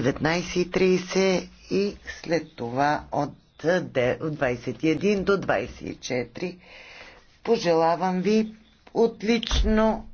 19.30 и след това от 21 до 24. Пожелавам ви отлично